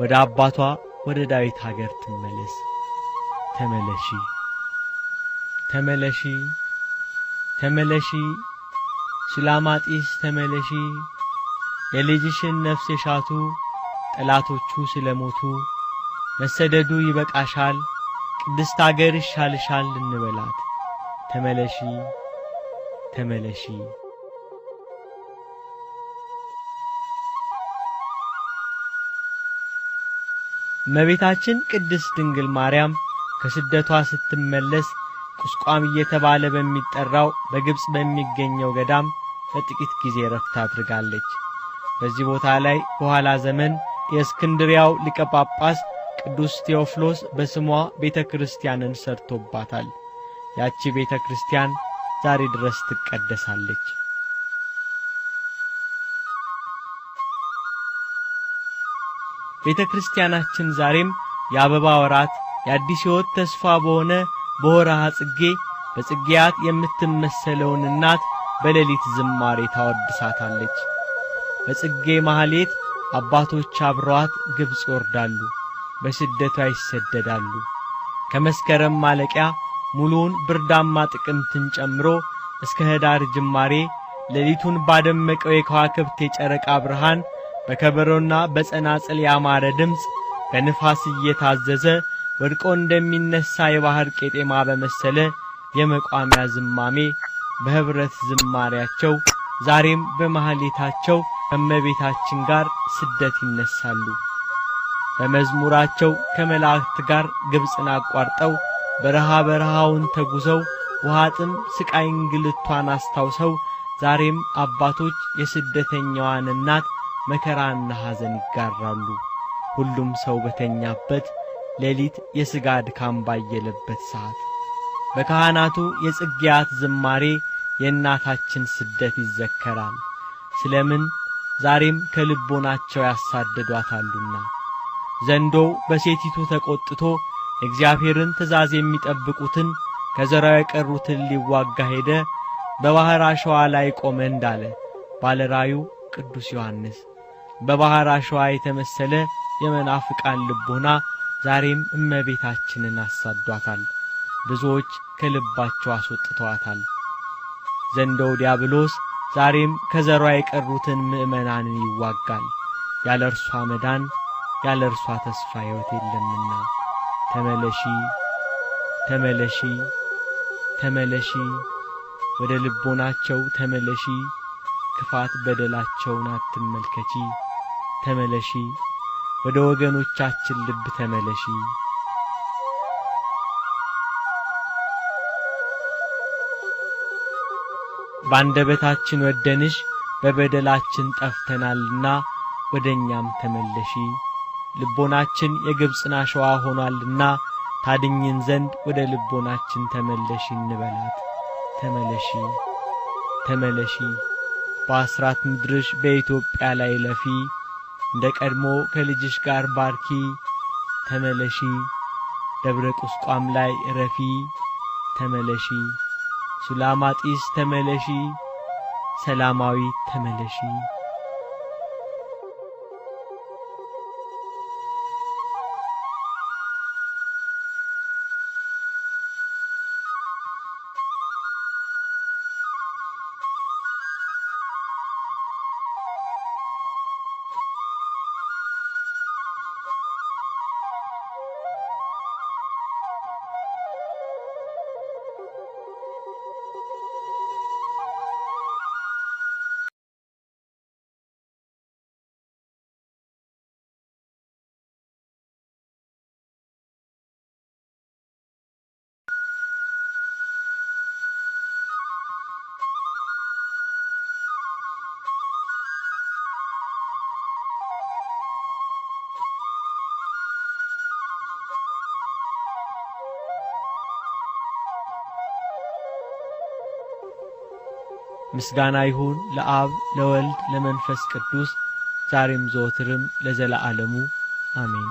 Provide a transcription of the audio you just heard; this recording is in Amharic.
ወደ አባቷ ወደ ዳዊት ሀገር ትመለስ። ተመለሺ ተመለሺ ተመለሺ ሽላማጢስ ተመለሺ። የልጅሽን ነፍስ የሻቱ ጠላቶቹ ስለሞቱ መሰደዱ ይበቃሻል፣ ቅድስት አገር ይሻልሻል ልንበላት ተመለሺ ተመለሺ። እመቤታችን ቅድስት ድንግል ማርያም ከስደቷ ስትመለስ ቁስቋም እየተባለ በሚጠራው በግብፅ በሚገኘው ገዳም በጥቂት ጊዜ ረፍት አድርጋለች። በዚህ ቦታ ላይ በኋላ ዘመን የእስክንድሪያው ሊቀ ጳጳስ ቅዱስ ቴዎፍሎስ በስሟ ቤተ ክርስቲያንን ሠርቶባታል። ያቺ ቤተ ክርስቲያን ዛሬ ድረስ ትቀደሳለች። ቤተ ክርስቲያናችን ዛሬም የአበባ ወራት የአዲስ ሕይወት ተስፋ በሆነ በወርሃ ጽጌ በጽጌያት የምትመሰለውን እናት በሌሊት ዝማሬ ታወድሳታለች። በጽጌ ማህሌት አባቶች አብረዋት ግብፅ ይወርዳሉ፣ በስደቷ ይሰደዳሉ። ከመስከረም ማለቂያ ሙሉውን ብርዳማ ጥቅምትን ጨምሮ እስከ ኅዳር ጅማሬ ሌሊቱን ባደመቀው የከዋክብት የጨረቃ ብርሃን በከበሮና በጸናጽል ያማረ ድምፅ በንፋስ እየታዘዘ ወድቆ እንደሚነሳ የባህር ቄጤማ በመሰለ የመቋሚያ ዝማሜ በህብረት ዝማሪያቸው ዛሬም በማህሌታቸው ከመቤታችን ጋር ስደት ይነሳሉ። በመዝሙራቸው ከመላእክት ጋር ግብፅን አቋርጠው በረሃ በረሃውን ተጉዘው ውሃ ጥም ስቃይ እንግልቷን አስታውሰው ዛሬም አባቶች የስደተኛዋን እናት መከራና ሐዘን ይጋራሉ። ሁሉም ሰው በተኛበት ሌሊት የሥጋ ድካም ባየለበት ሰዓት በካህናቱ የጽጌያት ዝማሬ የእናታችን ስደት ይዘከራል። ስለምን ዛሬም ከልቦናቸው ያሳደዷታሉና ዘንዶው በሴቲቱ ተቈጥቶ እግዚአብሔርን ትእዛዝ የሚጠብቁትን ከዘራው የቀሩትን ሊዋጋ ሄደ፣ በባሕር አሸዋ ላይ ቆመ እንዳለ ባለ ቅዱስ ዮሐንስ በባህር አሸዋ የተመሰለ የመናፍቃን ልቦና ዛሬም እመቤታችንን አሳዷታል። ብዙዎች ከልባቸው አስወጥተዋታል። ዘንዶው ዲያብሎስ ዛሬም ከዘሯ የቀሩትን ምእመናንን ይዋጋል። ያለ እርሷ መዳን፣ ያለ እርሷ ተስፋ ሕይወት የለምና ተመለሺ ተመለሺ ተመለሺ፣ ወደ ልቦናቸው ተመለሺ፣ ክፋት በደላቸውን አትመልከቺ። ተመለሺ፣ ወደ ወገኖቻችን ልብ ተመለሺ። ባንደበታችን ወደንሽ በበደላችን ጠፍተናልና ወደኛም ተመለሺ። ልቦናችን የግብፅን አሸዋ ሆኗልና ታድኝን ዘንድ ወደ ልቦናችን ተመለሺ እንበላት። ተመለሺ ተመለሺ፣ በአስራት ምድርሽ በኢትዮጵያ ላይ ለፊ እንደ ቀድሞ ከልጅሽ ጋር ባርኪ ተመለሺ፣ ደብረ ቁስቋም ላይ ረፊ ተመለሺ፣ ሱላማጢስ ተመለሺ፣ ሰላማዊት ተመለሺ። ምስጋና ይሁን ለአብ ለወልድ ለመንፈስ ቅዱስ ዛሬም ዘወትርም ዓለሙ አሜን።